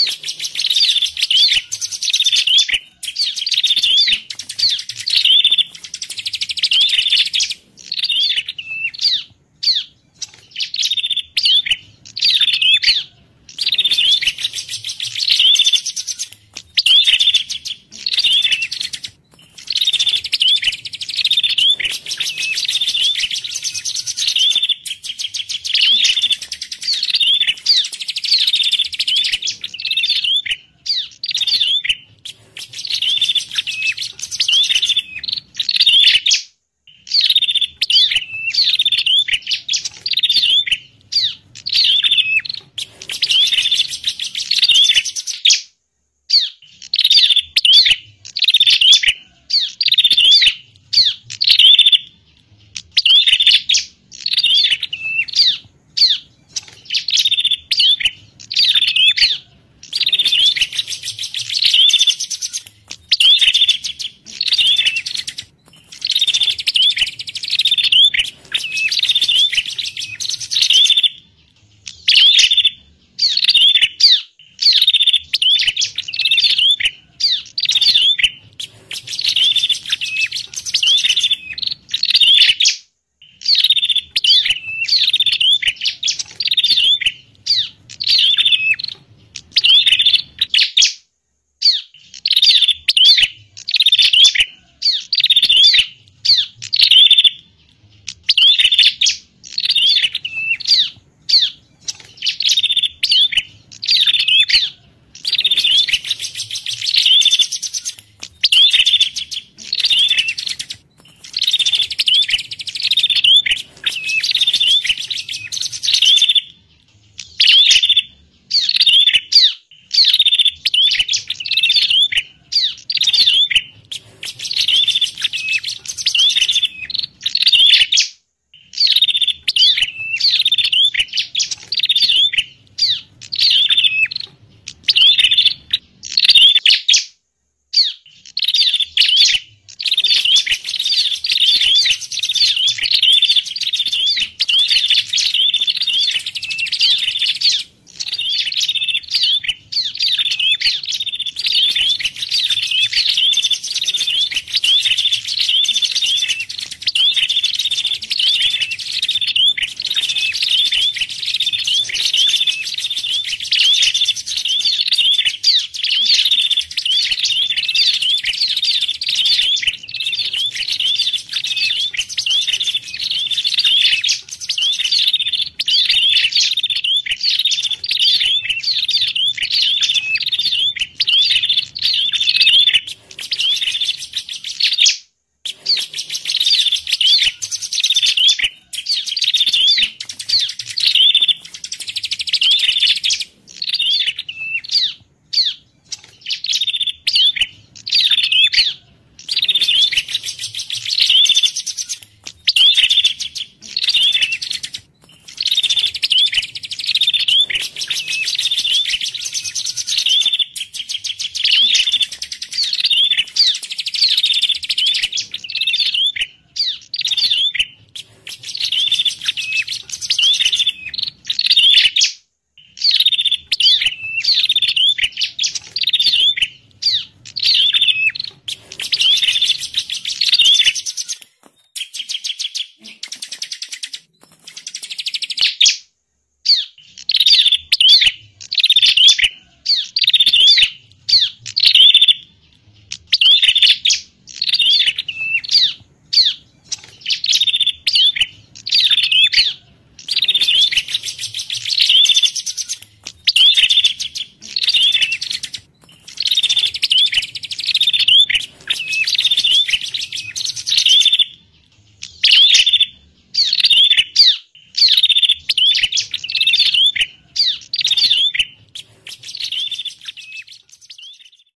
you